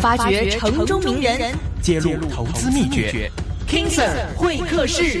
發掘城中名人，揭露投資秘訣，King Sir Sir, 會客室。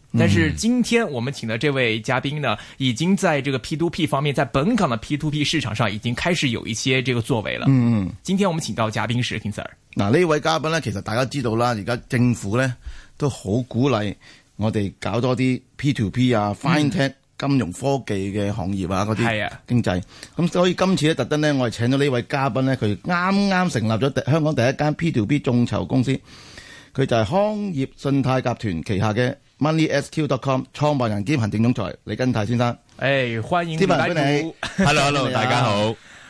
但是今天我們請的這位嘉賓呢，已經在這個 P two P 方面，在本港的 P two P 市場上已經開始有一些這個作為了。嗯，今天我們請到嘉賓是 King Sir。嗱呢、嗯、位嘉賓咧，其實大家知道啦，而家政府咧都好鼓勵我哋搞多啲 P two P 啊、嗯、Fin Tech 金融科技嘅行業啊嗰啲係啊經濟咁，啊、所以今次咧特登咧，我哋請到呢位嘉賓咧，佢啱啱成立咗香港第一間 P two P 眾籌公司，佢就係康業信貸集團旗下嘅。MoneySQ.com 創辦人兼行政總裁李根泰先生，誒、哎，歡迎李班主你 ，hello hello，大家好。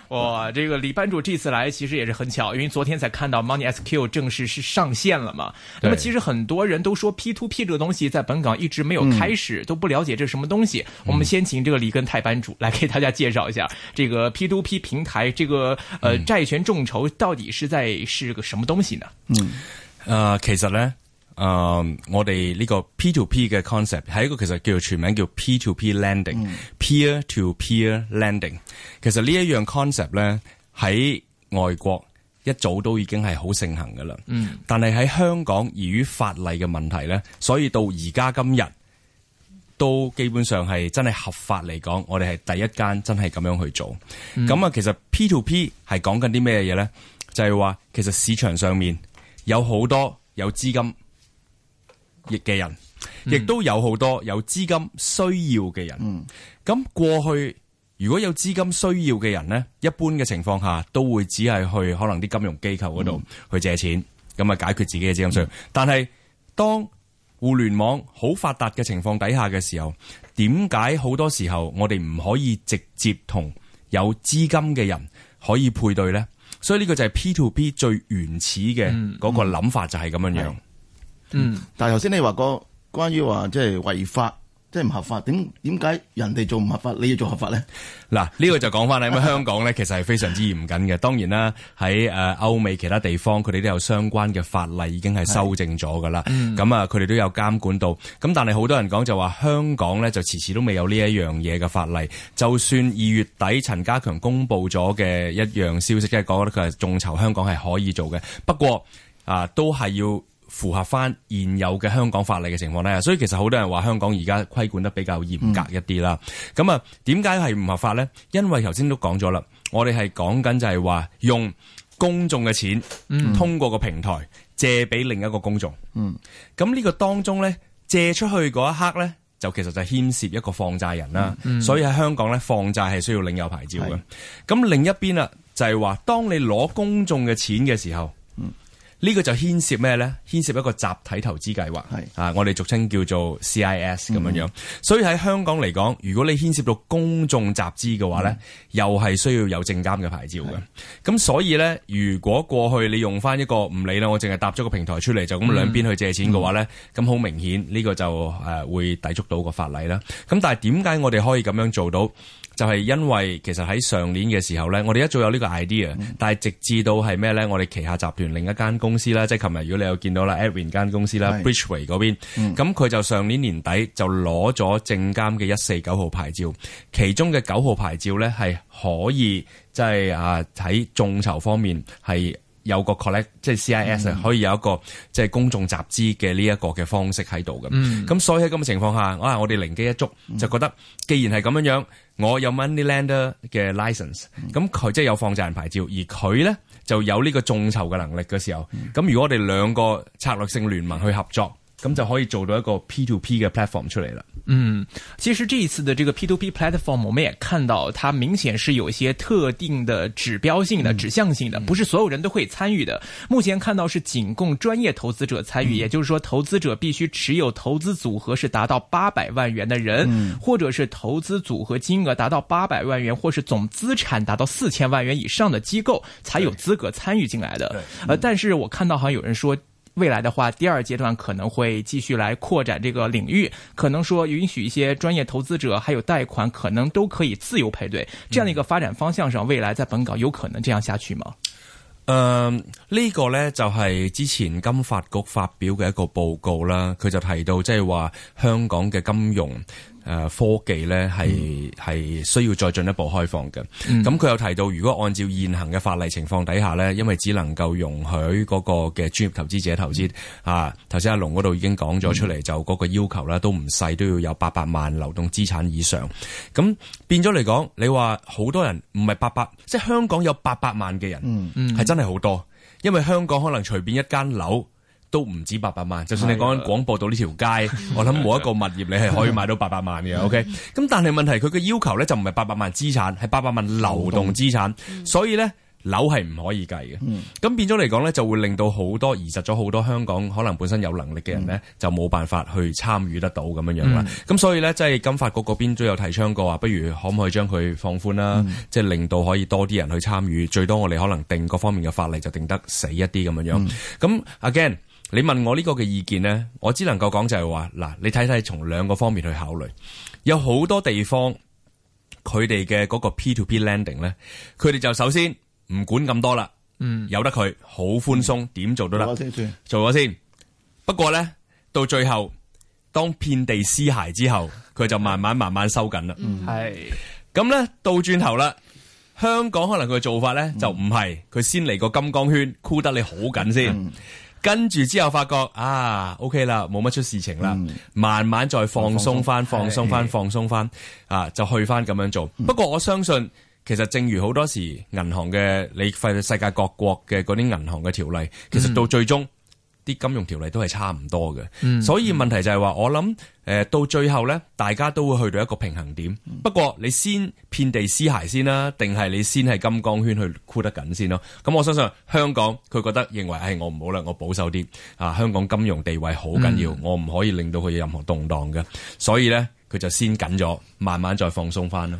哇、 哦，這個李班主這次來其實也是很巧，因為昨天才看到 MoneySQ 正式是上線了嘛。對那麼其實很多人都說 P2P 這個東西在本港一直沒有開始，嗯、都不了解這是什麼東西。嗯、我們先請這個李根泰班主來給大家介紹一下，這個 P2P 平台，這個、嗯、呃債權眾籌到底是在是個什麼東西呢？嗯，誒、嗯呃，其實咧。誒，uh, 我哋呢個 P to P 嘅 concept 係一個其實叫做全名叫 P to P lending,、嗯 er、to P lending peer to peer lending。Pe er、lending，其實呢一樣 concept 咧喺外國一早都已經係好盛行噶啦。嗯，但係喺香港由於法例嘅問題咧，所以到而家今日都基本上係真係合法嚟講，我哋係第一間真係咁樣去做。咁、嗯、啊，其實 P to P 係講緊啲咩嘢咧？就係、是、話其實市場上面有好多有資金嘅人，亦都有好多有資金需要嘅人。咁、嗯、過去如果有資金需要嘅人呢，一般嘅情況下都會只係去可能啲金融機構嗰度去借錢，咁啊、嗯、解決自己嘅資金需要。嗯、但係當互聯網好發達嘅情況底下嘅時候，點解好多時候我哋唔可以直接同有資金嘅人可以配對呢？所以呢個就係 P to P 最原始嘅嗰個諗法，就係咁樣樣。嗯嗯。嗯，但係頭先你話個關於話即係違法，即係唔合法，點點解人哋做唔合法，你要做合法咧？嗱，呢、這個就講翻咧，咁 香港咧其實係非常之嚴謹嘅。當然啦，喺誒歐美其他地方，佢哋都有相關嘅法例已經係修正咗噶啦。咁啊，佢、嗯、哋都有監管到。咁但係好多人講就話香港咧就遲遲都未有呢一樣嘢嘅法例。就算二月底陳家強公布咗嘅一樣消息，即係講佢係眾籌，香港係可以做嘅。不過啊，都係要。符合翻現有嘅香港法例嘅情況咧，所以其實好多人話香港而家規管得比較嚴格一啲啦。咁啊、嗯，點解係唔合法咧？因為頭先都講咗啦，我哋係講緊就係話用公眾嘅錢，通過個平台借俾另一個公眾。咁呢、嗯、個當中咧，借出去嗰一刻咧，就其實就牽涉一個放債人啦。嗯嗯、所以喺香港咧，放債係需要領有牌照嘅。咁是另一邊啊，就係話當你攞公眾嘅錢嘅時候。呢個就牽涉咩呢？牽涉一個集體投資計劃，是啊，我哋俗稱叫做 CIS 咁樣樣。所以喺香港嚟講，如果你牽涉到公眾集資嘅話呢，嗯、又係需要有證監嘅牌照嘅。咁是所以呢，如果過去你用翻一個唔理啦，我淨係搭咗個平台出嚟，就咁兩邊去借錢嘅話呢，咁好、嗯、明顯呢個就誒、呃、會抵觸到個法例啦。咁但係點解我哋可以咁樣做到？就係、是、因為其實喺上年嘅時候 a,、嗯、呢，我哋一早有呢個 idea，但係直至到係咩呢？我哋旗下集團另一間公司公司啦，即係琴日如果你有見到啦，Avery 間公司啦，Bridgeway 嗰邊，咁佢是、嗯、就上年年底就攞咗證監嘅一四九號牌照，其中嘅九號牌照咧係可以即係、就是、啊喺眾籌方面係有個 collect，即係 CIS、嗯、可以有一個即係、就是、公眾集資嘅呢一個嘅方式喺度嘅，咁、嗯、所以喺咁嘅情況下，啊、我我哋靈機一觸就覺得，既然係咁樣樣，我有 money lender 嘅 license，咁佢、嗯、即係有放債人牌照，而佢咧。就有呢個眾籌嘅能力嘅時候，咁、嗯、如果我哋兩個策略性聯盟去合作。咁就可以做到一個 P2P 嘅 platform 出嚟啦。嗯，其實這一次的這個 P2P platform，我們也看到，它明顯是有一些特定的指標性的、嗯、指向性的，不是所有人都會參與的。目前看到是僅供專業投資者參與，嗯、也就是說，投資者必須持有投資組合是達到八百萬元的人、嗯，或者是投資組合金額達到八百萬元，或是總資產達到四千萬元以上的機構才有資格參與進來的。嗯、呃，但是我看到好像有人說。未來的話，第二階段可能會繼續來擴展這個領域，可能說允許一些專業投資者，還有貸款，可能都可以自由配對，這樣的一個發展方向上，未來在本港有可能這樣下去嗎？誒、嗯，呢、呢個呢，就係之前金發局發表嘅一個報告啦，佢就提到即係話香港嘅金融。誒，科技咧係係需要再進一步開放嘅。咁佢又提到，如果按照現行嘅法例情況底下咧，因為只能夠容許嗰個嘅專業投資者投資、嗯、啊，頭先阿龍嗰度已經講咗出嚟，就嗰個要求啦，都唔細，都要有八百萬流動資產以上。咁變咗嚟講，你話好多人唔係八百，即係香港有八百萬嘅人，係、嗯、真係好多，因為香港可能隨便一間樓。都唔止八百萬，就算你講緊廣播道呢條街，我諗冇一個物業你係可以買到八百萬嘅。O K. 咁但係問題佢嘅要求呢就唔係八百萬資產，係八百萬流動資產，所以呢樓係唔可以計嘅。咁變咗嚟講呢，就會令到好多移植咗好多香港可能本身有能力嘅人呢，就冇辦法去參與得到咁樣樣啦。咁所以呢，即係金發局嗰邊都有提倡過話，不如可唔可以將佢放寬啦？即係令到可以多啲人去參與。最多我哋可能定各方面嘅法例就定得死一啲咁樣樣。咁 again。你問我呢個嘅意見咧，我只能夠講就係、是、話，嗱，你睇睇從兩個方面去考慮，有好多地方佢哋嘅嗰個 P to P landing 咧，佢哋就首先唔管咁多啦，嗯，由得佢好寬鬆，點、嗯、做都得，先做咗先。不過咧，到最後當遍地屍骸之後，佢就慢慢慢慢收緊啦。係，咁咧倒轉頭啦，香港可能佢嘅做法咧就唔係佢先嚟個金剛圈箍得你好緊先。嗯跟住之後發覺啊，OK 啦，冇乜出事情啦，嗯、慢慢再放鬆翻，放鬆鬆翻，放鬆翻是是，啊，就去翻咁樣做。嗯、不過我相信，其實正如好多時銀行嘅，你睇世界各國嘅嗰啲銀行嘅條例，其實到最終。嗯嗯啲金融條例都係差唔多嘅，嗯、所以問題就係話，嗯、我諗誒到最後咧，大家都會去到一個平衡點。嗯、不過你先遍地屍骸先啦，定係你先係金剛圈去箍得緊先咯？咁我相信香港佢覺得認為係、哎、我唔好啦，我保守啲啊，香港金融地位好緊要，嗯、我唔可以令到佢有任何動盪嘅，所以咧佢就先緊咗，慢慢再放鬆翻咯。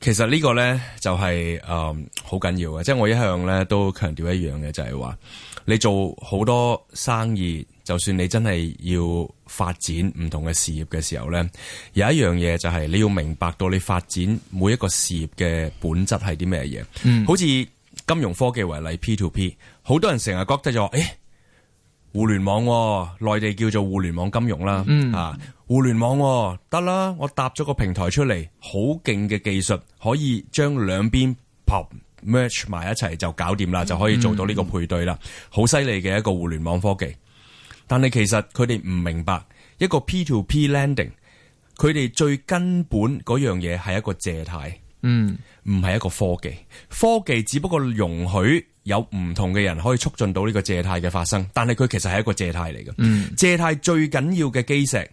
其實呢個咧就係誒好緊要嘅，即係我一向咧都強調一樣嘅，就係、是、話你做好多生意，就算你真係要發展唔同嘅事業嘅時候咧，有一樣嘢就係你要明白到你發展每一個事業嘅本質係啲咩嘢。嗯、好似金融科技為例，P2P，好多人成日覺得就誒、欸、互聯網、啊，內地叫做互聯網金融啦，嗯、啊。互聯網得、哦、啦，我搭咗個平台出嚟，好勁嘅技術可以將兩邊 pop merge 埋一齊就搞掂啦，就可以做到呢個配對啦，好犀利嘅一個互聯網科技。但係其實佢哋唔明白一個 P to P landing，佢哋最根本嗰樣嘢係一個借貸，嗯，唔係一個科技，科技只不過容許有唔同嘅人可以促進到呢個借貸嘅發生，但係佢其實係一個借貸嚟嘅，嗯，借貸最緊要嘅基石，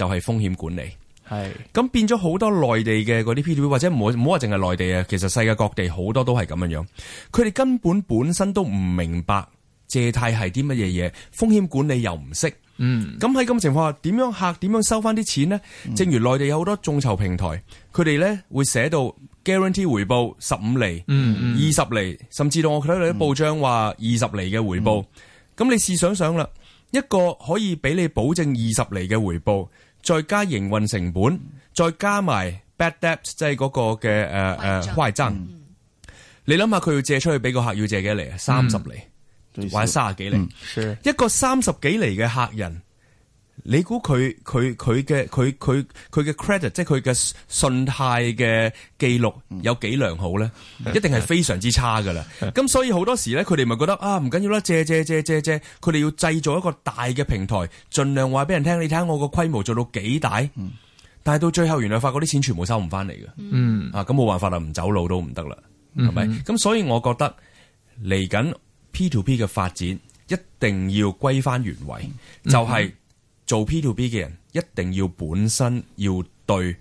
就係風險管理，係咁是變咗好多內地嘅嗰啲 P2P，或者唔好唔好話淨係內地啊，其實世界各地好多都係咁樣樣。佢哋根本本身都唔明白借貸係啲乜嘢嘢，風險管理又唔識。嗯，咁喺咁情況下，點樣客點樣收翻啲錢呢？嗯、正如內地有好多眾籌平台，佢哋咧會寫到 guarantee 回報十五厘、嗯嗯、二十厘，甚至到我睇到你啲報章話二十厘嘅回報。咁、嗯、你試想想啦，一個可以俾你保證二十厘嘅回報。再加營運成本，嗯、再加埋 bad debt 即係個嘅誒誒壞賬，呃章嗯、你諗下，佢要借出去俾個客要借幾多厘啊？三十厘，嗯、或者卅幾厘。少一個三十幾厘嘅客人。你估佢佢佢嘅佢佢佢嘅 credit，即係佢嘅信貸嘅記錄有幾良好咧？一定係非常之差噶啦。咁 所以好多時咧，佢哋咪覺得啊，唔緊要啦，借借借借借，佢哋要製造一個大嘅平台，盡量話俾人聽，你睇下我個規模做到幾大。但係到最後，原來發覺啲錢全部收唔翻嚟嘅。嗯，啊，咁冇辦法啦，唔走路都唔得啦，係咪、嗯哼？咁所以我覺得嚟緊 P2P 嘅發展一定要歸翻原位，就係、是。做 P to B 嘅人一定要本身要對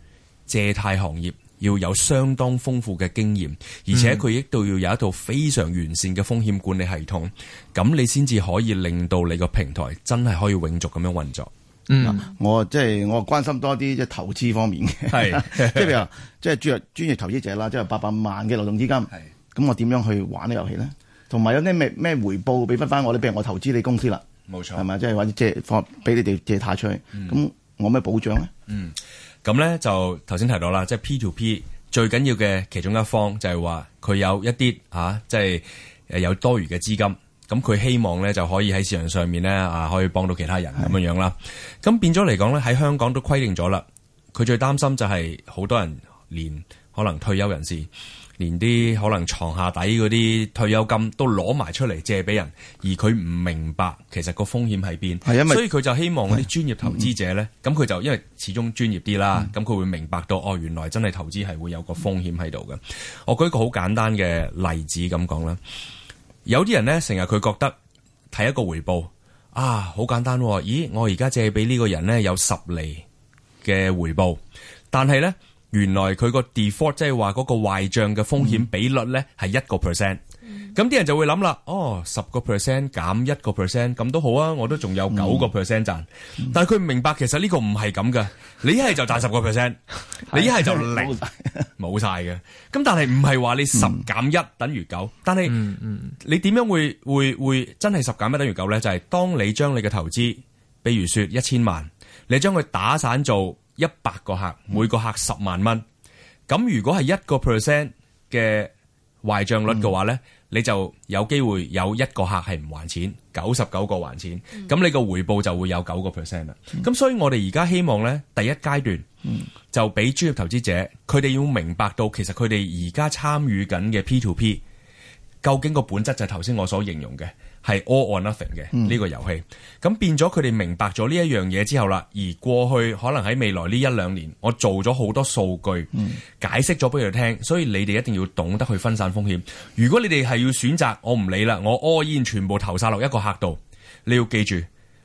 借貸行業要有相當豐富嘅經驗，而且佢亦都要有一套非常完善嘅風險管理系統，咁、嗯、你先至可以令到你個平台真係可以永續咁樣運作。嗯，我即、就、係、是、我關心多啲即係投資方面嘅，即係譬如話即係專業專業投資者啦，即係八百萬嘅流動資金，咁是我點樣去玩個遊戲呢個遊戲咧？同埋有啲咩咩回報俾返翻我咧？譬如我投資你公司啦。冇錯，係咪？即係或者借放俾你哋借貸出去，咁，嗯，我有咩保障咧？嗯，咁咧就頭先提到啦，即係 P to P 最緊要嘅其中一方就係話佢有一啲嚇，即係誒有多餘嘅資金，咁佢希望咧就可以喺市場上面咧啊，可以幫到其他人咁的樣樣啦。咁變咗嚟講咧，喺香港都規定咗啦，佢最擔心就係好多人連可能退休人士。連啲可能床下底嗰啲退休金都攞埋出嚟借俾人，而佢唔明白其實個風險喺邊，所以佢就希望啲專業投資者咧，咁佢係就因為始終專業啲啦，咁佢、嗯、會明白到哦，原來真係投資係會有個風險喺度嘅。嗯、我舉一個好簡單嘅例子咁講啦，有啲人咧成日佢覺得睇一個回報啊，好簡單、啊，咦，我而家借俾呢個人咧有十厘嘅回報，但係咧，原來佢 def 個 default 即係話嗰個壞賬嘅風險比率咧係一個 percent，咁啲人就會諗啦，哦，十個 percent 減一個 percent 咁都好啊，我都仲有九個 percent 賺。賺嗯、嗯、但係佢唔明白其實呢個唔係咁嘅，你一係就賺十個 percent，你一係就零冇晒嘅。咁但係唔係話你十減一等於九，但係你點、嗯、樣會會會真係十減一等於九咧？就係、是、當你將你嘅投資，比如說一千萬，你將佢打散做。一百個客，每個客十萬蚊，咁如果係一個 percent 嘅壞賬率嘅話呢、嗯、你就有機會有一個客係唔還錢，九十九個還錢，咁、嗯、你個回報就會有九個 percent 啦。咁、嗯、所以我哋而家希望呢，第一階段就俾專業投資者，佢哋要明白到其實佢哋而家參與緊嘅 P to P，究竟個本質就係頭先我所形容嘅。係 all or nothing 嘅呢、嗯、個遊戲咁變咗，佢哋明白咗呢一樣嘢之後啦。而過去可能喺未來呢一兩年，我做咗好多數據解釋咗俾佢哋聽，所以你哋一定要懂得去分散風險。如果你哋係要選擇，我唔理啦，我 all in 全部投晒落一個客度，你要記住，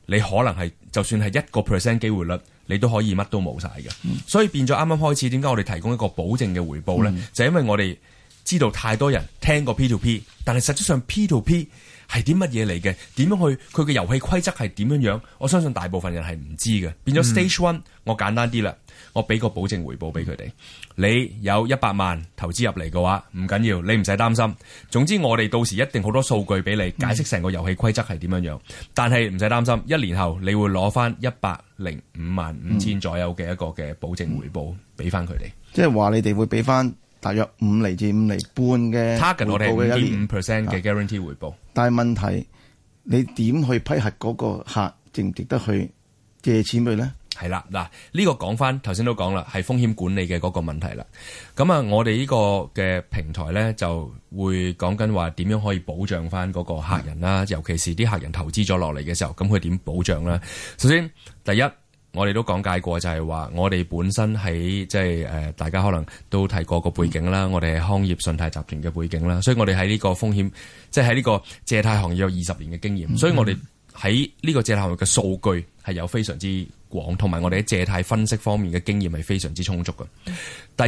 你可能係就算係一個 percent 機會率，你都可以乜都冇晒嘅。嗯、所以變咗啱啱開始，點解我哋提供一個保證嘅回報呢？嗯、就係因為我哋知道太多人聽過 P2P，但係實質上 P2P。係啲乜嘢嚟嘅？點樣去？佢嘅遊戲規則係點樣樣？我相信大部分人係唔知嘅。變咗 stage one，我簡單啲啦，我俾個保證回報俾佢哋。你有一百萬投資入嚟嘅話，唔緊要，你唔使擔心。總之我哋到時一定好多數據俾你解釋成個遊戲規則係點樣樣。但係唔使擔心，一年後你會攞翻一百零五萬五千左右嘅一個嘅保證回報俾翻佢哋。即係話你哋會俾翻。大約五厘至五厘半嘅回報嘅 Target 一年五 percent 嘅 guarantee 回報，但係問題，你點去批核嗰個客值唔值得去借錢俾咧？係啦，嗱、這個，呢個講翻頭先都講啦，係風險管理嘅嗰個問題啦。咁啊，我哋呢個嘅平台咧就會講緊話點樣可以保障翻嗰個客人啦，是的 尤其是啲客人投資咗落嚟嘅時候，咁佢點保障咧？首先，第一。我哋都講解過，就係、是、話我哋本身喺即係誒大家可能都提過個背景啦。嗯、我哋係康業信貸集團嘅背景啦，所以我哋喺呢個風險即係喺呢個借貸行業有二十年嘅經驗，所以我哋喺呢個借貸行業嘅數據係有非常之廣同埋我哋喺借貸分析方面嘅經驗係非常之充足嘅。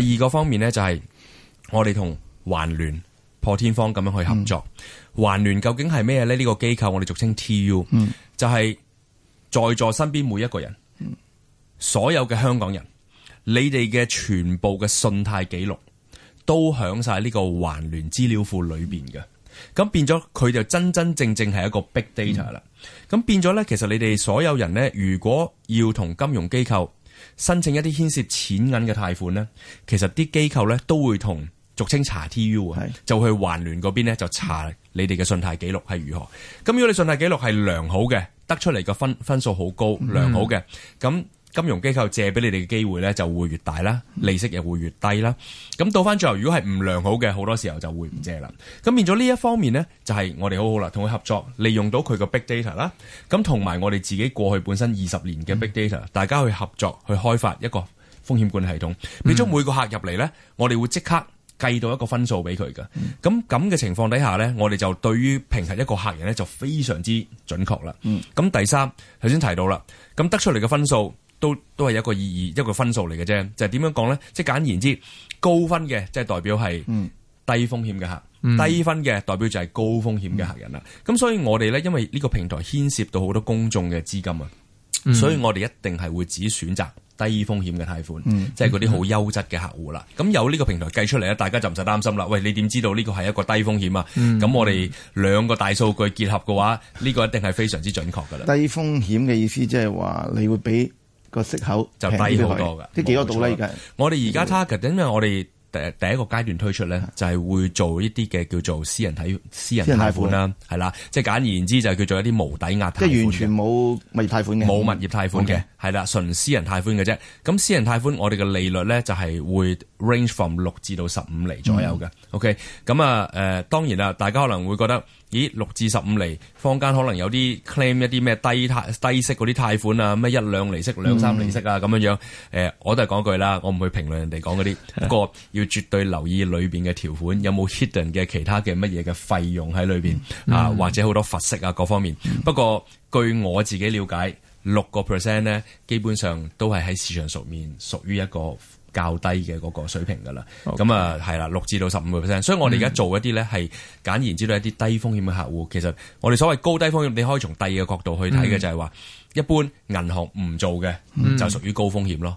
第二個方面咧，就係、是、我哋同環聯破天荒咁樣去合作。環、嗯、聯究竟係咩咧？呢、呢個機構我哋俗稱 TU、嗯、就係在座身邊每一個人。所有嘅香港人，你哋嘅全部嘅信貸記錄都響晒呢個環聯資料庫裏邊嘅，咁、嗯、變咗佢就真真正正係一個 big data 啦。咁、嗯、變咗咧，其實你哋所有人咧，如果要同金融機構申請一啲牽涉錢銀嘅貸款咧，其實啲機構咧都會同俗稱查 T U 啊，是的 就去環聯嗰邊咧就查你哋嘅信貸記錄係如何。咁如果你信貸記錄係良好嘅，得出嚟個分分數好高，嗯、良好嘅咁。金融機構借俾你哋嘅機會咧就會越大啦，利息又會越低啦。咁到翻最後，如果係唔良好嘅，好多時候就會唔借啦。咁變咗呢一方面呢，就係、是、我哋好好啦，同佢合作，利用到佢嘅 big data 啦。咁同埋我哋自己過去本身二十年嘅 big data，、嗯、大家去合作去開發一個風險管理系統。變咗每個客入嚟呢，我哋會即刻計到一個分數俾佢嘅。咁咁嘅情況底下呢，我哋就對於評核一個客人呢，就非常之準確啦。咁、嗯、第三頭先提到啦，咁得出嚟嘅分數。都都係一個意義，一個分數嚟嘅啫。就係、是、點樣講咧？即係簡言之，高分嘅即係代表係低風險嘅客，嗯、低分嘅代表就係高風險嘅客人啦。咁、嗯、所以我哋呢，因為呢個平台牽涉到好多公眾嘅資金啊，嗯、所以我哋一定係會只選擇低風險嘅貸款，即係嗰啲好優質嘅客戶啦。咁、嗯、有呢個平台計出嚟咧，大家就唔使擔心啦。喂，你點知道呢個係一個低風險啊？咁、嗯、我哋兩個大數據結合嘅話，呢、呢個一定係非常之準確噶啦。 低風險嘅意思即係話你會俾。個息口就低好多㗎，即幾多度啦？而家我哋而家 target，因為我哋第第一個階段推出咧，的就係會做一啲嘅叫做私人貸的私人貸款啦，係啦，即、啊、簡而言之就叫做一啲無抵押貸款嘅，即完全冇物業貸款嘅，冇物業貸款嘅。嗯。係啦，純私人貸款嘅啫。咁私人貸款，我哋嘅利率咧就係會 range from 六至到十五厘左右嘅。嗯、OK，咁啊，誒，當然啦，大家可能會覺得，咦，六至十五厘，坊間可能有啲 claim 一啲咩低貸低息嗰啲貸款啊，咩一兩厘息，兩三厘息啊，咁、嗯、樣樣。誒，我都係講句啦，我唔會評論人哋講嗰啲，不過、嗯、要絕對留意裏邊嘅條款有冇 hidden 嘅其他嘅乜嘢嘅費用喺裏邊、嗯、啊，或者好多罰息啊各方面。不過據我自己了解。六個 percent 咧，基本上都係喺市場上面，屬於一個較低嘅嗰個水平㗎喇。咁啊 Okay.，係啦，六至到十五個 percent。所以我哋而家做一啲咧，係簡言之咧，一啲低風險嘅客戶。其實我哋所謂高低風險，你可以從低嘅角度去睇嘅，就係話一般銀行唔做嘅，就屬於高風險咯。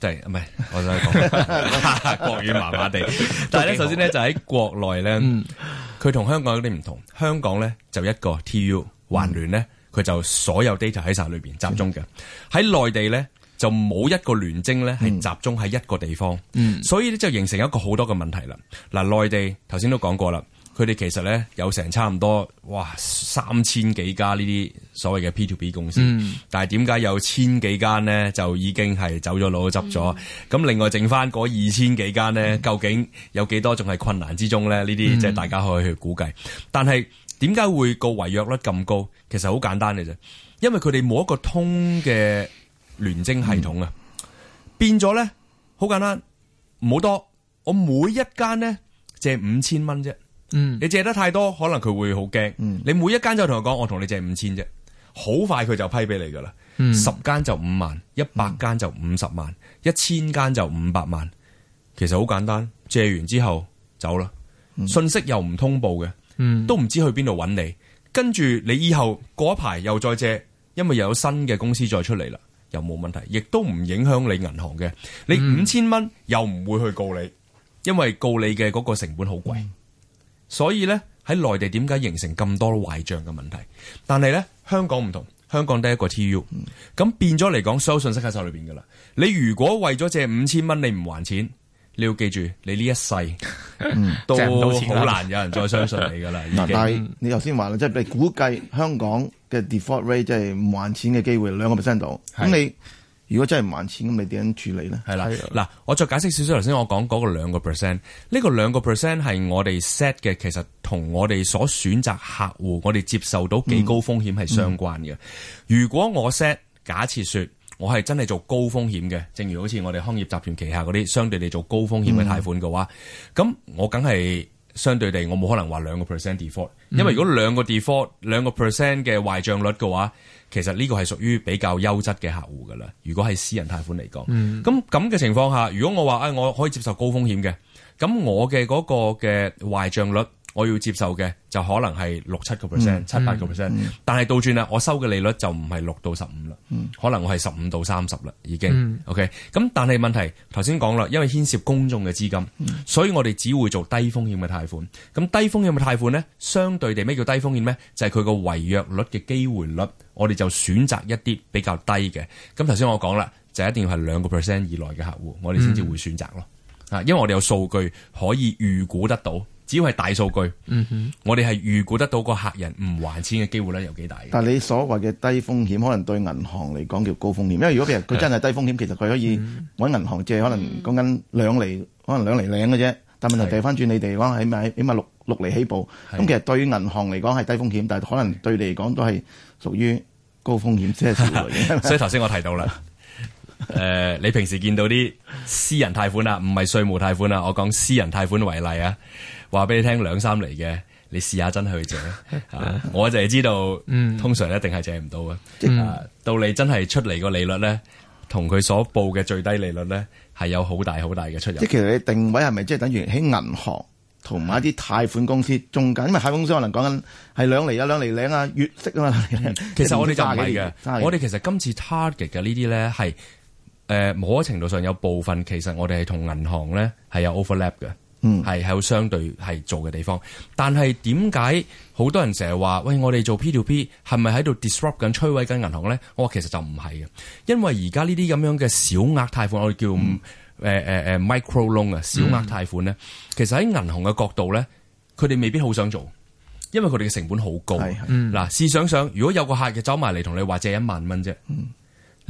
就係唔係，我就講 國語麻麻地。但係咧，幾首先咧就喺國內咧，佢同、嗯、香港有啲唔同。香港咧就一個 T U 環聯咧，佢、嗯、就所有 data 喺晒裏邊集中嘅。喺內地咧就冇一個聯徵咧係集中喺一個地方，嗯、所以咧就形成一個好多嘅問題啦。嗱、呃，內地頭先都講過啦。佢哋其實咧有成差唔多，哇三千幾家呢啲所謂嘅 P2P 公司，嗯、但係點解有千幾間咧，就已經係走咗佬執咗咁。嗯、另外剩翻嗰二千幾間咧，嗯、究竟有幾多仲係困難之中咧？呢啲即係大家可以去估計。嗯、但係點解會個違約率咁高？其實好簡單嘅啫，因為佢哋冇一個通嘅聯徵系統啊。嗯、變咗咧，好簡單，唔好多。我每一間咧借五千蚊啫。嗯，你借得太多，可能佢會好驚。嗯、你每一間就同佢講，我同你借五千啫，好快佢就批俾你噶啦。十、嗯、間就五萬，一百間就五十萬，一千、嗯、間就五百萬。其實好簡單，借完之後走啦。嗯、信息又唔通報嘅，都唔知去邊度揾你。跟住你以後過一排又再借，因為又有新嘅公司再出嚟啦，又冇問題，亦都唔影響你銀行嘅。你五千蚊又唔會去告你，因為告你嘅嗰個成本好貴。嗯所以咧，喺內地點解形成咁多壞帳嘅問題？但係咧，香港唔同，香港得一個 TU，咁變咗嚟講，所有信息喺手裏邊噶啦。你如果為咗借五千蚊你唔還錢，你要記住，你呢一世、嗯、都好難有人再相信你噶啦、嗯。但係你頭先話啦，即、就、係、是、你估計香港嘅 default rate 即係唔還錢嘅機會兩個 percent 度，咁的你。如果真係唔還錢咁，咪點樣處理咧？係啦的，嗱的，我再解釋少少。頭先我講嗰個兩個 percent，呢個兩個 percent 係我哋 set 嘅，其實同我哋所選擇客戶，我哋接受到幾高風險係相關嘅。嗯嗯、如果我 set 假設說我係真係做高風險嘅，正如好似我哋康業集團旗下嗰啲相對嚟做高風險嘅貸款嘅話，咁、嗯、我梗係。相對地，我冇可能話兩個 percent default，因為如果兩個 default 兩個 percent 嘅壞帳率嘅話，其實呢個係屬於比較優質嘅客戶㗎喇。如果係私人貸款嚟講，咁咁嘅情況下，如果我話唉、哎、我可以接受高風險嘅，咁我嘅嗰個嘅壞帳率。我要接受嘅就可能係六七個 percent、七八個 percent，但係倒轉啦，我收嘅利率就唔係六到十五啦，嗯、可能我係十五到三十啦，已經。嗯、OK，咁但係問題頭先講啦，因為牽涉公眾嘅資金，嗯、所以我哋只會做低風險嘅貸款。咁低風險嘅貸款咧，相對地咩叫低風險咧？就係佢個違約率嘅機會率，我哋就選擇一啲比較低嘅。咁頭先我講啦，就一定要係兩個 percent 以內嘅客戶，我哋先至會選擇咯。啊、嗯，因為我哋有數據可以預估得到。只要係大數據，嗯、哼我哋係預估得到個客人唔還錢嘅機會率有幾大。但係你所謂嘅低風險，可能對銀行嚟講叫高風險，因為如果譬如佢真係低風險，的其實佢可以搵銀行借，可能講緊兩釐，可能兩釐領嘅啫。但係問題掉返轉，你哋講係買起碼六六釐起步，咁的其實對銀行嚟講係低風險，但係可能對你嚟講都係屬於高風險，即係所以頭先我提到啦，誒、 呃，你平時見到啲私人貸款啊，唔係稅務貸款啊，我講私人貸款為例啊。話俾你聽，兩三厘嘅，你試下真係去借，我就係知道，通常一定係借唔到嘅。到你真係出嚟個利率咧，同佢所報嘅最低利率咧，係有好大好大嘅出入。即其實你定位係咪即係等於喺銀行同埋一啲貸款公司仲緊？因為貸款公司可能講緊係兩厘啊，兩厘零啊，月息啊，嘛。其實我哋就唔係嘅，我哋其實今次 target 嘅呢啲咧係誒，某程度上有部分其實我哋係同銀行咧係有 overlap 嘅。嗯，係係有相對係做嘅地方，但係點解好多人成日話喂，我哋做 P2P 係咪喺度 disrupt 緊摧毀緊銀行咧？我其實就唔係嘅，因為而家呢啲咁樣嘅小額貸款，我哋叫誒誒誒 micro loan 啊，小額貸款咧，其實喺銀行嘅角度咧，佢哋未必好想做，因為佢哋嘅成本好高。嗱，試、嗯、想想，如果有個客嘅走埋嚟同你話借一萬蚊啫。嗯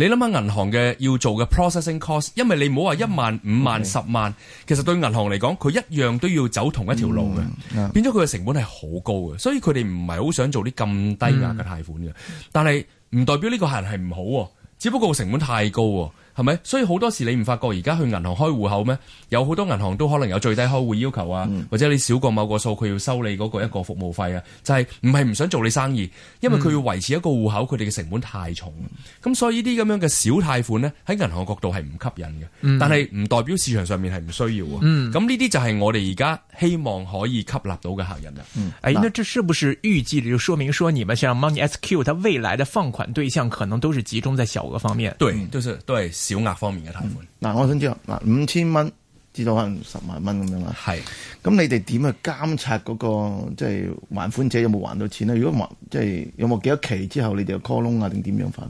你諗下銀行嘅要做嘅 processing cost，因為你唔好話一萬五萬十萬，萬萬 Okay. 其實對銀行嚟講，佢一樣都要走同一條路嘅，mm hmm. 變咗佢嘅成本係好高嘅，所以佢哋唔係好想做啲咁低價嘅貸款嘅，mm hmm. 但係唔代表呢個客人係唔好，只不過成本太高。係咪？所以好多時你唔發覺而家去銀行開戶口咩？有好多銀行都可能有最低開戶要求啊，嗯、或者你少過某個數佢要收你嗰個一個服務費啊。就係唔係唔想做你生意？因為佢要維持一個戶口，佢哋嘅成本太重。咁、嗯、所以呢啲咁樣嘅小貸款呢，喺銀行角度係唔吸引嘅。嗯、但係唔代表市場上面係唔需要啊。咁呢啲就係我哋而家希望可以吸納到嘅客人啦、啊。哎、嗯，呢這是不是預知了說明說你們像 Money SQ 它未來的放款對象可能都是集中在小額方面？對，都是對。小額方面嘅貸款，嗱、嗯，我想知啊，嗱，五千蚊至到可能十萬蚊咁是樣啦。係，咁你哋點去監察嗰、那個即係、就是、還款者有冇還到錢咧？如果還即係有冇幾多期之後，你哋有 call 窿啊，定點樣法？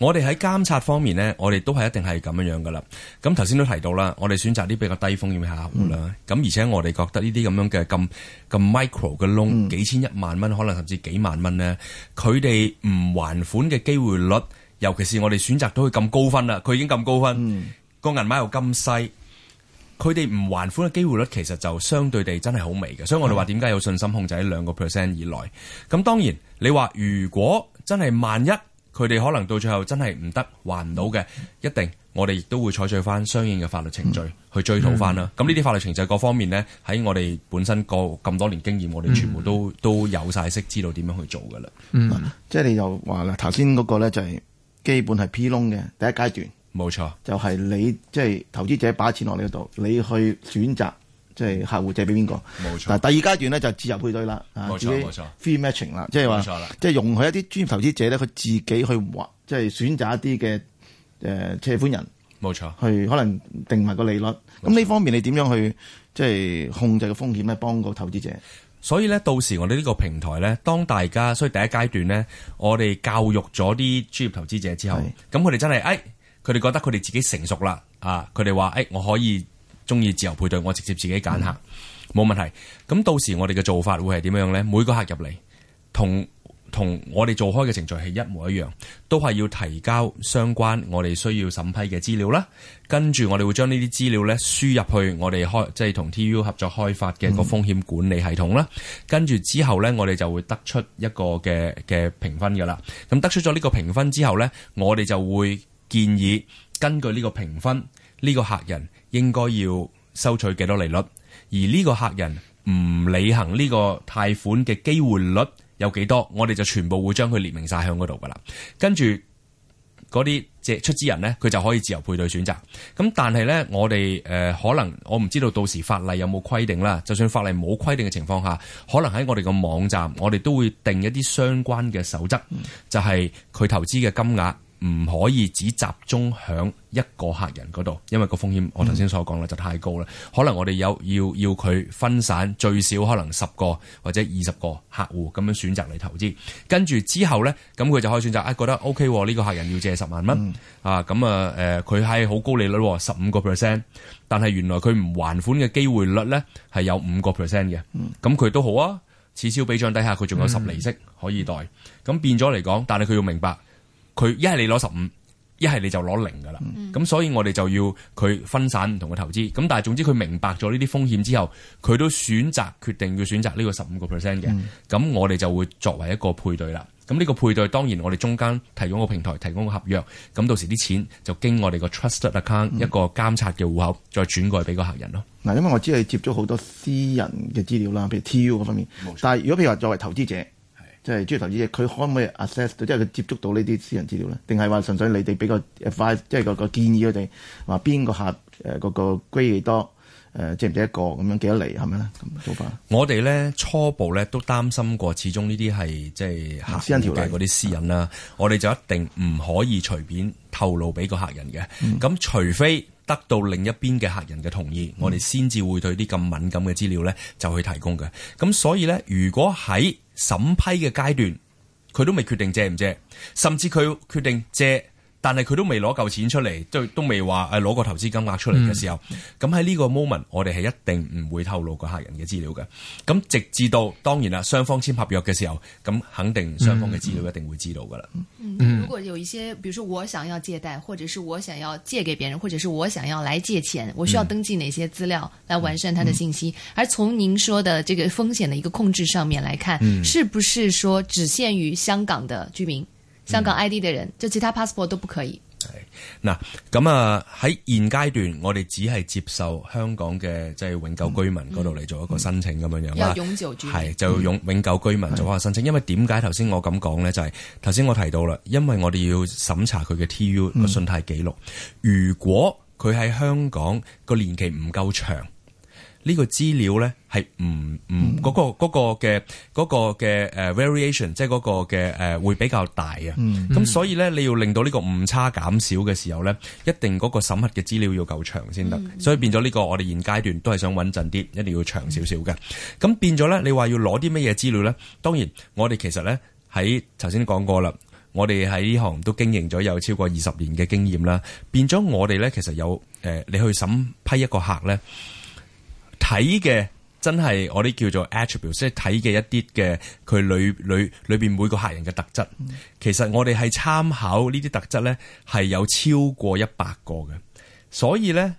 我哋喺監察方面呢，我哋都係一定係咁樣樣噶啦。咁頭先都提到啦，我哋選擇啲比較低風險嘅客戶啦。咁、嗯、而且我哋覺得呢啲咁樣嘅咁咁 micro 嘅窿，an, 嗯、幾千一萬蚊，可能甚至幾萬蚊呢，佢哋唔還款嘅機會率。尤其是我哋選擇到佢咁高分啦，佢已經咁高分，個、嗯、銀碼又咁細，佢哋唔還款嘅機會率其實就相對地真係好微嘅，所以我哋話點解有信心控制喺兩個 percent 以內？咁當然，你話如果真係萬一佢哋可能到最後真係唔得還唔到嘅，一定我哋亦都會採取翻相應嘅法律程序、嗯、去追討翻啦。咁呢啲法律程序各方面呢，喺我哋本身過咁多年經驗，我哋全部都、嗯、都有晒識，知道點樣去做嘅啦。嗯嗯、即係你又話啦，頭先嗰個呢就係、是。基本係 P 窿嘅第一階段，冇錯，就係你即係、就是、投資者把錢落你嗰度，你去選擇即係客戶借俾邊個，冇錯。嗱第二階段咧就自由配對啦，冇錯冇錯，free matching 啦錯，即係話，冇錯啦，即係容許一啲專業投資者咧，佢自己去或即係選擇一啲嘅誒借款人，冇錯，去可能定埋個利率。咁呢錯方面你點樣去即係、就是、控制個風險咧？幫個投資者？所以咧，到時我哋呢個平台咧，當大家所以第一階段咧，我哋教育咗啲專業投資者之後，咁佢哋真係，誒、哎，佢哋覺得佢哋自己成熟啦，啊，佢哋話，誒、哎，我可以鍾意自由配對，我直接自己揀客，冇、嗯、問題。咁到時我哋嘅做法會係點樣咧？每個客入嚟同。同我哋做開嘅程序係一模一樣，都係要提交相關我哋需要審批嘅資料啦。跟住我哋會將呢啲資料咧輸入去我哋開即係同 T.U 合作開發嘅個風險管理系統啦。跟住之後呢，我哋就會得出一個嘅嘅評分噶啦。咁得出咗呢個評分之後呢，我哋就會建議根據呢個評分呢、呢個客人應該要收取幾多利率，而呢個客人唔履行呢個貸款嘅機會率。有幾多，我哋就全部會將佢列明晒喺嗰度噶啦。跟住嗰啲借出資人呢，佢就可以自由配對選擇。咁但係呢，我哋誒、呃、可能我唔知道到時法例有冇規定啦。就算法例冇規定嘅情況下，可能喺我哋個網站，我哋都會定一啲相關嘅守則，就係、是、佢投資嘅金額。唔可以只集中喺一個客人嗰度，因為個風險我頭先所講咧就太高啦。可能我哋有要要佢分散最少可能十個或者二十個客戶咁樣選擇嚟投資，跟住之後呢，咁佢就可以選擇啊覺得 OK 呢個客人要借十萬蚊、嗯、啊咁啊誒佢係好高利率十五個 percent，但係原來佢唔還款嘅機會率呢係有五個 percent 嘅，咁佢、嗯、都好啊，此消彼長底下佢仲有十厘息可以袋，咁、嗯嗯、變咗嚟講，但係佢要明白。佢一係你攞十五，一係你就攞零噶啦。咁、嗯、所以我哋就要佢分散唔同嘅投資。咁但係總之佢明白咗呢啲風險之後，佢都選擇決定要選擇呢個十五個 percent 嘅。咁、嗯、我哋就會作為一個配對啦。咁呢個配對當然我哋中間提供個平台，提供個合約。咁到時啲錢就經我哋個 trust account、嗯、一個監察嘅戶口，再轉過去俾個客人咯。嗱，因為我知你接觸好多私人嘅資料啦，譬如 T.U 嗰方面。冇錯。但係如果譬如話作為投資者。即係主要投資者，佢可唔可以 access 到？即係佢接觸到呢啲私人資料咧？定係話純粹你哋俾個即係個建議佢哋話邊個客誒嗰、呃、個 grade 多誒，即唔止一個咁樣幾多嚟係咪咧？咁做法，好我哋咧初步咧都擔心過，始終呢啲係即係客的的私人調介嗰啲私隱啦。我哋就一定唔可以隨便透露俾個客人嘅。咁、嗯、除非得到另一邊嘅客人嘅同意，嗯、我哋先至會對啲咁敏感嘅資料咧就去提供嘅。咁所以咧，如果喺審批嘅階段，佢都未決定借唔借，甚至佢決定借。但係佢都未攞夠錢出嚟，都都未話，誒攞個投資金額出嚟嘅時候，咁喺呢個 moment，我哋係一定唔會透露個客人嘅資料嘅。咁直至到當然啦，雙方簽合約嘅時候，咁肯定雙方嘅資料一定會知道噶啦，嗯。嗯，如果有一些，比如說我想要借貸，或者是我想要借給別人，或者是我想要來借錢，我需要登記哪些資料來完善他的信息？嗯嗯，而從您說的這個風險的一個控制上面來看，嗯嗯，是不是說只限於香港的居民？香港 ID 嘅人，嗯、就其他 passport 都不可以。係嗱、嗯，咁啊喺現階段，我哋只係接受香港嘅即係永久居民嗰度嚟做一個申請咁樣樣啦。係、嗯嗯、就永永久居民做一個申請，嗯、因為點解頭先我咁講咧？就係頭先我提到啦，因為我哋要審查佢嘅 TU 個信貸記錄，嗯、如果佢喺香港個年期唔夠長。呢個資料呢係唔唔嗰個嘅嗰嘅誒 variation，即係嗰個嘅誒、嗰個嗰個嗰個呃、會比較大啊！咁、嗯嗯、所以呢，你要令到呢個誤差減少嘅時候呢，一定嗰個審核嘅資料要夠長先得。嗯、所以變咗呢個，我哋現階段都係想穩陣啲，一定要長少少嘅。咁變咗呢，你話要攞啲乜嘢資料呢？當然，我哋其實呢，喺頭先講過啦，我哋喺呢行都經營咗有超過二十年嘅經驗啦。變咗我哋呢，其實有誒、呃，你去審批一個客呢，睇嘅真係我哋叫做 attribute，即係睇嘅一啲嘅佢，裏裏裏邊每個客人嘅特質。嗯、其實我哋係參考呢啲特質咧，係有超過一百個嘅。所以咧，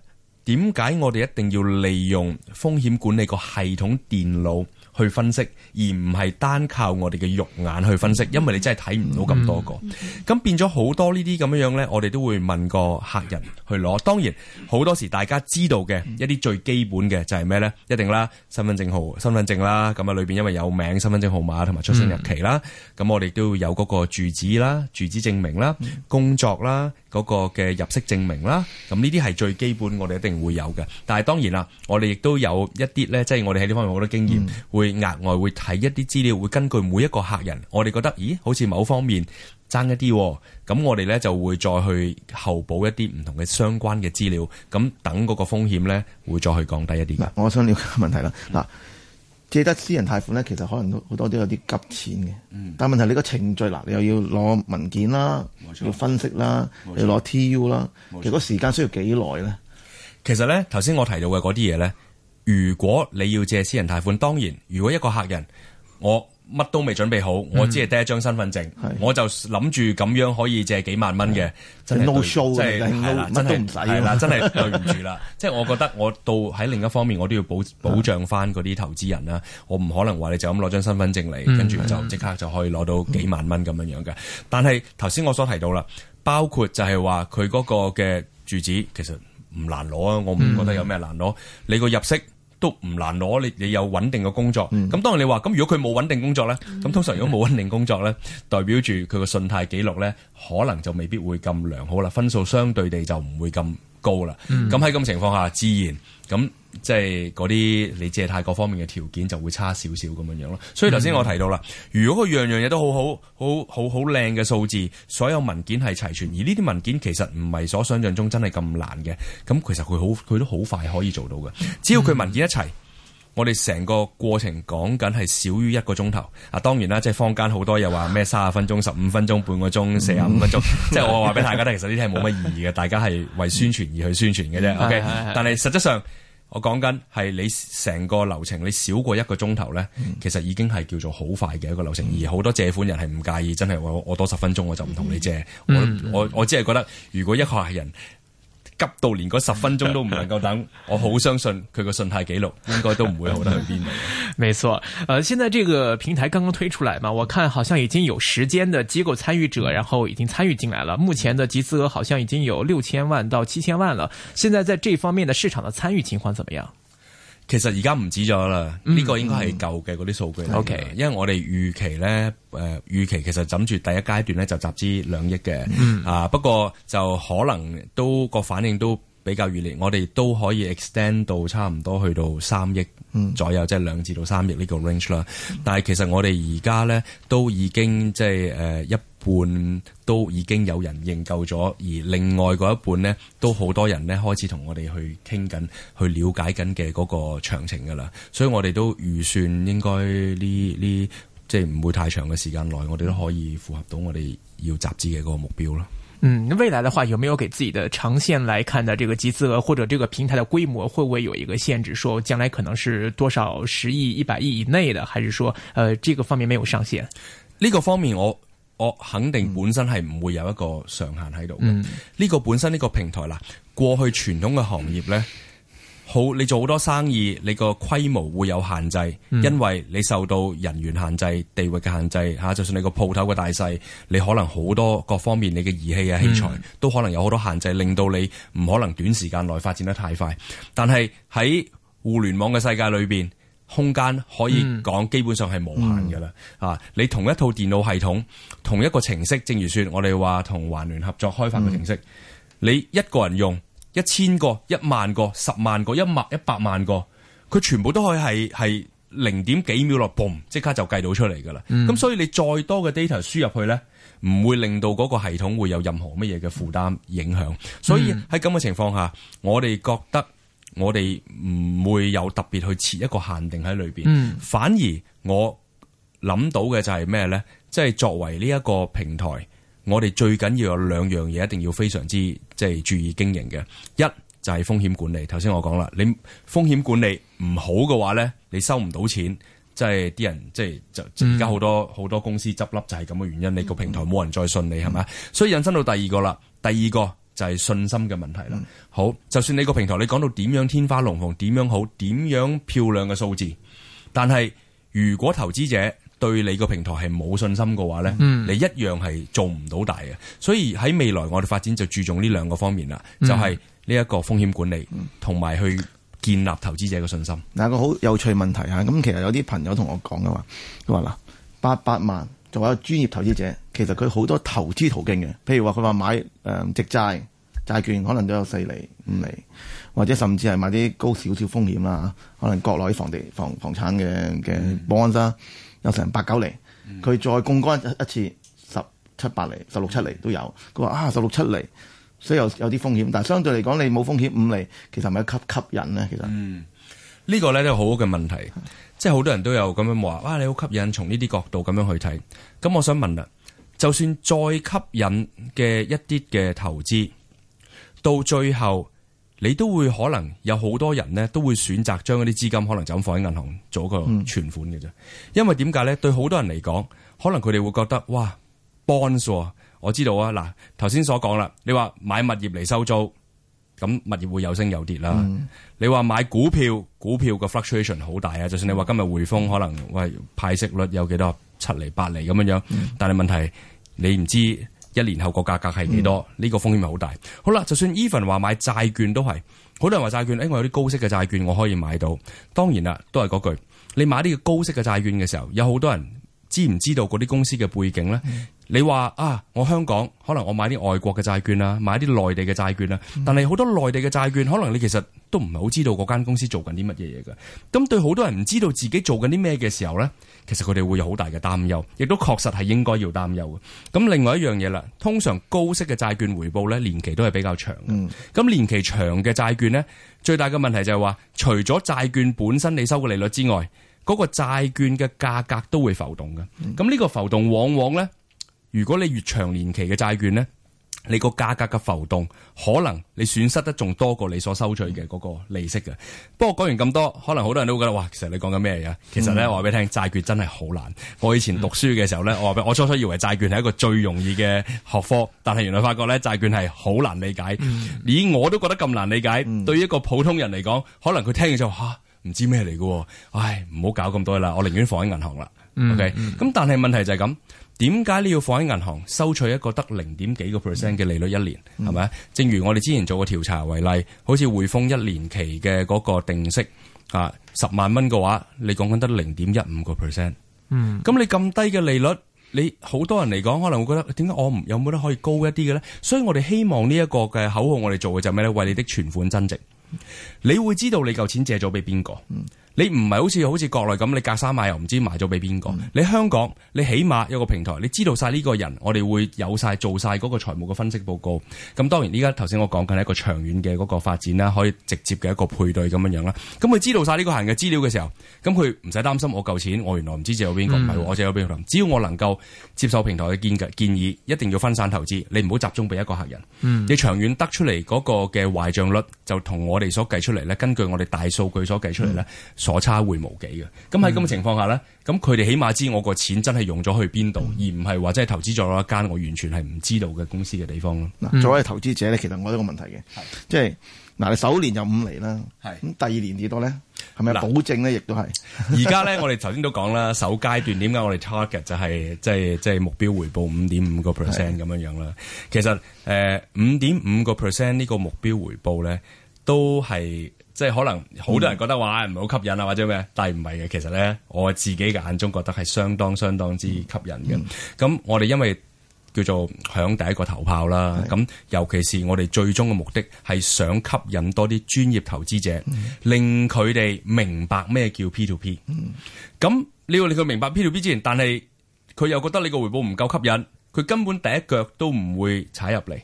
點解我哋一定要利用風險管理個系統電腦去分析，而唔係單靠我哋嘅肉眼去分析，因為你真係睇唔到咁多個。咁、嗯嗯、變咗好多呢啲咁樣樣咧，我哋都會問個客人去攞。當然，好多時大家知道嘅一啲最基本嘅就係咩咧？一定啦，身份證號、身份證啦。咁啊，裏邊因為有名、身份證號碼同埋出生日期啦。咁、嗯、我哋亦都有嗰個住址啦、住址證明啦、工作啦。嗰個嘅入息證明啦，咁呢啲係最基本，我哋一定會有嘅。但係當然啦，我哋亦都有一啲呢，即係我哋喺呢方面好多經驗，嗯、會額外會睇一啲資料，會根據每一個客人，我哋覺得咦，好似某方面爭一啲，咁我哋呢就會再去後補一啲唔同嘅相關嘅資料，咁等嗰個風險呢會再去降低一啲、嗯。我想了解問題啦，嗱、嗯。借得私人貸款咧，其實可能都好多都有啲急錢嘅。嗯、但問題你個程序嗱，你又要攞文件啦，錯要分析啦，錯要攞 TU 啦，其實個時間需要幾耐咧？其實咧，頭先我提到嘅嗰啲嘢咧，如果你要借私人貸款，當然如果一個客人我。乜都未準備好，我只係得一張身份證，的我就諗住咁樣可以借幾萬蚊嘅的，真 show 嘅，真係真係唔使，嗱真係對唔住啦。即係我覺得我到喺另一方面，我都要保保障翻嗰啲投資人啦。我唔可能話你就咁攞張身份證嚟，的跟住就即刻就可以攞到幾萬蚊咁樣樣嘅。但係頭先我所提到啦，包括就係話佢嗰個嘅住址其實唔難攞啊，我唔覺得有咩難攞。的你個入息？都唔難攞，你你有穩定嘅工作。咁當然你話，咁如果佢冇穩定工作呢，咁通常如果冇穩定工作呢，代表住佢個信貸記錄呢，可能就未必會咁良好啦，分數相對地就唔會咁高啦。咁喺咁情況下，自然咁。即係嗰啲你借貸各方面嘅條件就會差少少咁樣樣咯。所以頭先我提到啦，如果佢樣樣嘢都好好好好好靚嘅數字，所有文件係齊全，而呢啲文件其實唔係所想象中真係咁難嘅，咁其實佢好佢都好快可以做到嘅。只要佢文件一齊，我哋成個過程講緊係少於一個鐘頭。啊，當然啦，即係坊間好多又話咩三十分鐘、十五分鐘、半個鐘、四十五分鐘，分鐘分鐘嗯、即係我話俾大家聽， 其實呢啲係冇乜意義嘅，大家係為宣傳而去宣傳嘅啫。嗯、OK，但係實質上。我講緊係你成個流程，你少過一個鐘頭呢，其實已經係叫做好快嘅一個流程。嗯、而好多借款人係唔介意，真係我我多十分鐘我就唔同你借。嗯、我我，我只係覺得，如果一個客人。急到連嗰十分鐘都唔能夠等，我好相信佢個信貸記錄應該都唔會好得去邊。沒錯，誒、呃，現在這個平台剛剛推出嚟嘛，我看好像已經有十間的機構參與者，然後已經參與進來了。目前的集資額好像已經有六千萬到七千萬了。現在在這方面的市場的參與情況怎麼樣？其實而家唔止咗啦，呢個應該係舊嘅嗰啲數據。OK，因為我哋預期咧，誒、呃、預期其實枕住第一階段咧就集資兩億嘅，mm hmm. 啊，不過就可能都個反應都比較熱烈，我哋都可以 extend 到差唔多去到三億左右，即係兩至到三億呢個 range 啦。但係其實我哋而家咧都已經即係誒一。呃半都已經有人認購咗，而另外嗰一半呢，都好多人呢開始同我哋去傾緊，去了解緊嘅嗰個詳情噶啦。所以我哋都預算應該呢呢，即係唔會太長嘅時間內，我哋都可以符合到我哋要集資嘅嗰個目標咯。嗯，未來的話，有沒有給自己的長線來看的這個集資額或者這個平台的規模，會唔會有一個限制？說將來可能是多少十億、一百億以內的，還是說，呃，這個方面沒有上限？呢個方面我。我肯定本身係唔會有一個上限喺度嘅。呢個本身呢個平台啦，過去傳統嘅行業咧，好，你做好多生意，你個規模會有限制，因為你受到人員限制、地域嘅限制吓。就算你個鋪頭嘅大細，你可能好多各方面你嘅儀器啊、器材都可能有好多限制，令到你唔可能短時間內發展得太快。但係喺互聯網嘅世界裏邊。空間可以講基本上係無限噶啦，嗯、啊！你同一套電腦系統，同一個程式，正如說我哋話同環聯合作開發嘅程式，嗯、你一個人用一千個、一萬個、十萬個、一百一百萬個，佢全部都可以係係零點幾秒落盤，即刻就計到出嚟噶啦。咁、嗯、所以你再多嘅 data 輸入去呢，唔會令到嗰個系統會有任何乜嘢嘅負擔影響。所以喺咁嘅情況下，嗯、我哋覺得。我哋唔會有特別去設一個限定喺裏邊，嗯、反而我諗到嘅就係咩咧？即係作為呢一個平台，我哋最緊要有兩樣嘢，一定要非常之即係注意經營嘅。一就係風險管理。頭先我講啦，你風險管理唔好嘅話咧，你收唔到錢，即係啲人即係就而家好多好、嗯、多公司執笠就係咁嘅原因。你個平台冇人再信你係咪、嗯？所以引申到第二個啦。第二個。就係信心嘅問題啦。嗯、好，就算你個平台你講到點樣天花龍鳳，點樣好，點樣漂亮嘅數字，但係如果投資者對你個平台係冇信心嘅話呢、嗯、你一樣係做唔到大嘅。所以喺未來我哋發展就注重呢兩個方面啦，嗯、就係呢一個風險管理，同埋、嗯、去建立投資者嘅信心。嗱個好有趣問題嚇，咁其實有啲朋友同我講嘅話，佢話啦八百萬作為專業投資者，其實佢好多投資途徑嘅，譬如話佢話買直、呃、債。債券可能都有四厘、五厘，或者甚至係買啲高少少風險啦。可能國內房地房房產嘅嘅保安生、嗯、有成八九厘，佢、嗯、再供高一次十七八厘、十六七厘都有。佢話啊，十六七厘，所以有有啲風險，但係相對嚟講，你冇風險五厘，其實係咪吸吸引呢？其實、嗯、個呢個咧都好嘅問題，是即係好多人都有咁樣話哇，你好吸引。從呢啲角度咁樣去睇，咁我想問啊，就算再吸引嘅一啲嘅投資。到最後，你都會可能有好多人咧，都會選擇將嗰啲資金可能就咁放喺銀行做一個存款嘅啫。嗯、因為點解咧？對好多人嚟講，可能佢哋會覺得哇，bond 啊、哦，我知道啊。嗱，頭先所講啦，你話買物業嚟收租，咁物業會有升有跌啦。嗯、你話買股票，股票個 fluctuation 好大啊。就算你話今日匯豐可能喂派息率有幾多七厘八厘咁樣樣，但係問題你唔知。一年後個價格係幾多？呢、嗯、個風險咪好大。好啦，就算 Evan 話買債券都係，好多人話債券，誒、欸，我有啲高息嘅債券我可以買到。當然啦，都係嗰句，你買呢個高息嘅債券嘅時候，有好多人知唔知道嗰啲公司嘅背景咧？嗯你話啊，我香港可能我買啲外國嘅債券啦，買啲內地嘅債券啦。但係好多內地嘅債券，可能你其實都唔係好知道嗰間公司做緊啲乜嘢嘢㗎。咁對好多人唔知道自己做緊啲咩嘅時候呢，其實佢哋會有好大嘅擔憂，亦都確實係應該要擔憂嘅。咁另外一樣嘢啦，通常高息嘅債券回報呢，年期都係比較長嘅。咁年期長嘅債券呢，最大嘅問題就係話，除咗債券本身你收嘅利率之外，嗰個債券嘅價格都會浮動嘅。咁呢個浮動往往呢。如果你越長年期嘅債券咧，你個價格嘅浮動可能你損失得仲多過你所收取嘅嗰個利息嘅。嗯、不過講完咁多，可能好多人都會覺得，哇，其實你講緊咩嘢？其實咧，我話俾你聽，債券真係好難。我以前讀書嘅時候咧，我話俾你聽，我初初以為債券係一個最容易嘅學科，但係原來發覺咧，債券係好難理解。連、嗯，我都覺得咁難理解。嗯、對於一個普通人嚟講，可能佢聽完就吓，唔、啊、知咩嚟嘅。唉，唔好搞咁多啦，我寧願放喺銀行啦。OK，咁、嗯嗯、但係問題就係咁。點解你要放喺銀行收取一個得零點幾個 percent 嘅利率一年，係咪？嗯、正如我哋之前做過調查為例，好似匯豐一年期嘅嗰個定息，啊，十萬蚊嘅話，你講緊得零點一五個 percent。嗯，咁你咁低嘅利率，你好多人嚟講可能會覺得，點解我唔有冇得可以高一啲嘅咧？所以我哋希望呢一個嘅口號我哋做嘅就係咩咧？為你的存款增值，你會知道你嚿錢借咗俾邊個。嗯你唔係好似好似國內咁，你隔山買又唔知買咗俾邊個？嗯、你香港你起碼有個平台，你知道晒呢個人，我哋會有晒做晒嗰個財務嘅分析報告。咁當然，依家頭先我講緊係一個長遠嘅嗰個發展啦，可以直接嘅一個配對咁樣樣啦。咁佢知道晒呢個客人嘅資料嘅時候，咁佢唔使擔心我夠錢，我原來唔知借有邊個，唔係我借咗邊個。只要我能夠接受平台嘅建嘅建議，一定要分散投資，你唔好集中俾一個客人。嗯、你長遠得出嚟嗰個嘅壞賬率，就同我哋所計出嚟咧，根據我哋大數據所計出嚟咧。嗯嗯所差會無幾嘅，咁喺咁嘅情況下咧，咁佢哋起碼知我個錢真係用咗去邊度，嗯、而唔係話真係投資咗一間我完全係唔知道嘅公司嘅地方咯。嗯、作為投資者咧，其實我有一個問題嘅，即係嗱，你首年就五厘啦，咁是第二年幾多咧？係咪保證咧？亦都係。而家咧，我哋頭先都講啦，首階段點解我哋 target 就係即係即係目標回報五點五個 percent 咁樣樣啦。其實誒，五點五個 percent 呢個目標回報咧，都係。即係可能好多人覺得話唔係好吸引啊或者咩，但係唔係嘅，其實咧我自己嘅眼中覺得係相當相當之吸引嘅。咁、嗯、我哋因為叫做響第一個頭炮啦，咁是尤其是我哋最終嘅目的係想吸引多啲專業投資者，嗯、令佢哋明白咩叫 P to P。咁、嗯、你要令佢明白 P to P 之前，但係佢又覺得你個回報唔夠吸引。佢根本第一腳都唔會踩入嚟，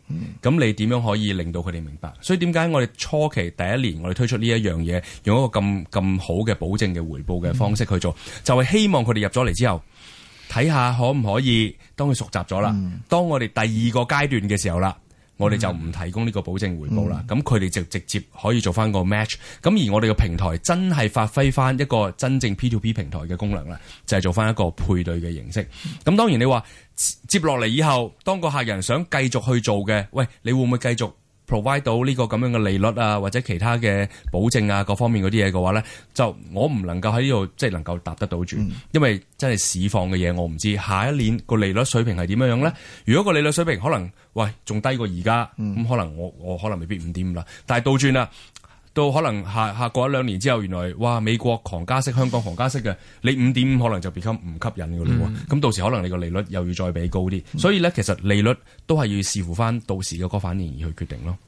咁你點樣可以令到佢哋明白？所以點解我哋初期第一年我哋推出呢一樣嘢，用一個咁咁好嘅保證嘅回報嘅方式去做，就係、是、希望佢哋入咗嚟之後，睇下可唔可以當佢熟習咗啦，當、嗯、當我哋第二個階段嘅時候啦。我哋就唔提供呢個保證回報啦，咁佢哋就直接可以做翻個 match，咁而我哋個平台真係發揮翻一個真正 P2P 平台嘅功能啦，就係、是、做翻一個配對嘅形式。咁、嗯、當然你話接落嚟以後，當個客人想繼續去做嘅，喂，你會唔會繼續？provide 到呢個咁樣嘅利率啊，或者其他嘅保證啊，各方面嗰啲嘢嘅話咧，就我唔能夠喺呢度即係能夠答得到住，嗯、因為真係市況嘅嘢我唔知，下一年個利率水平係點樣樣咧？嗯、如果個利率水平可能喂仲低過而家，咁、嗯、可能我我可能未必五點五啦，但係倒轉啦。到可能下下過一兩年之後，原來哇美國狂加息，香港狂加息嘅，你五點五可能就變咁唔吸引嘅啦喎。咁、嗯、到時可能你個利率又要再俾高啲，嗯、所以呢其實利率都係要視乎返到時嘅嗰反應而去決定咯。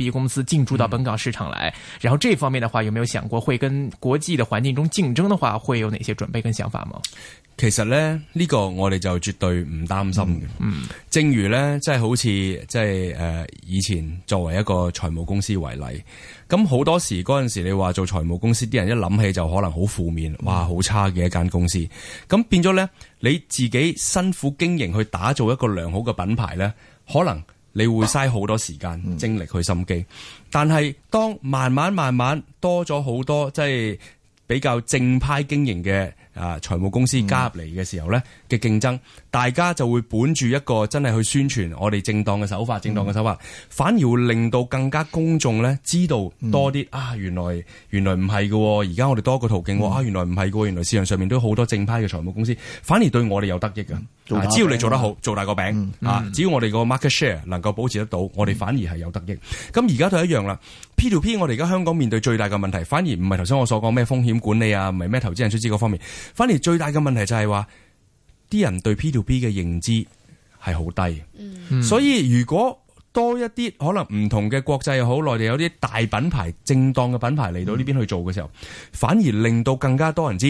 B、嗯、公司進駐到本港市場來，然後這方面的話，有沒有想過會跟國際的環境中競爭的話，會有哪些準備跟想法嗎？其實咧呢、呢個我哋就絕對唔擔心嘅。嗯，嗯，正如咧，即係好似即係以前作為一個財務公司為例，咁好多時嗰陣時你話做財務公司啲人一諗起就可能好負面，哇，好差嘅一間公司。咁變咗咧，你自己辛苦經營去打造一個良好嘅品牌咧，可能。你會嘥好多時間、精力去心機，嗯、但係當慢慢慢慢多咗好多即係比較正派經營嘅啊財務公司加入嚟嘅時候咧嘅競爭。嗯大家就會本住一個真係去宣傳我哋正當嘅手法，正當嘅手法，嗯、反而會令到更加公眾咧知道多啲、嗯、啊！原來原來唔係嘅，而家我哋多個途徑、嗯、啊！原來唔係嘅，原來市場上面都好多正派嘅財務公司，反而對我哋有得益嘅。只要你做得好，做大個餅、嗯、啊！只要我哋個 market share 能夠保持得到，我哋反而係有得益。咁而家都係一樣啦。P2P，我哋而家香港面對最大嘅問題，反而唔係頭先我所講咩風險管理啊，唔係咩投資人出資嗰方面，反而最大嘅問題就係話，啲人對 P2P 嘅認知係好低，嗯、所以如果多一啲可能唔同嘅國際又好，內地有啲大品牌、正當嘅品牌嚟到呢邊去做嘅時候，嗯、反而令到更加多人知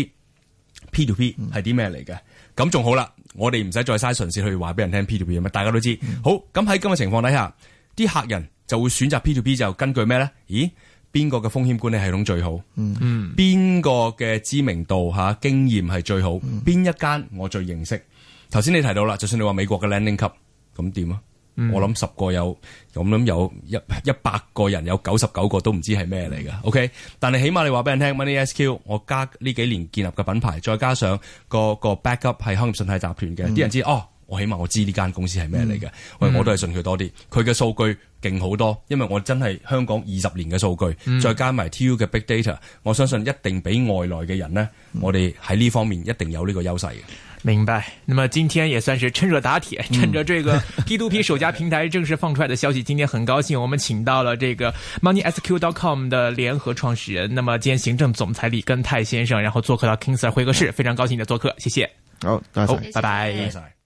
P2P 係啲咩嚟嘅，咁仲、嗯、好啦，我哋唔使再嘥唇舌去話俾人聽 P2P 吖嘛。大家都知。好咁喺今日情況底下，啲客人就會選擇 P2P，就根據咩咧？咦？邊個嘅風險管理系統最好？嗯嗯，邊個嘅知名度吓經驗係最好？邊、嗯、一間我最認識？頭先你提到啦，就算你話美國嘅 Lending Club，咁點啊？嗯、我諗十個有，我諗有一一百個人有九十九個都唔知係咩嚟㗎。O、okay? K，但係起碼你話俾人聽 Money SQ，我加呢幾年建立嘅品牌，再加上、嗰個、嗰個 backup 係康業信貸集團嘅，啲、嗯、人知哦。我起碼我知呢間公司係咩嚟嘅，喂，我都係信佢多啲，佢嘅數據勁好多，因為我真係香港二十年嘅數據，再加埋 T U 嘅 Big Data，我相信一定比外來嘅人呢，嗯、我哋喺呢方面一定有呢個優勢嘅。明白。那麼今天也算是趁熱打鐵，趁着這個 P2P 首家平台正式放出來嘅消息，嗯、今天很高興我們請到了這個 Money SQ dot com 的聯合創始人，那麼兼行政總裁李根泰先生，然後做客到 King Sir 會客室，非常高興你做客，謝謝。好，謝謝好，拜拜。謝謝。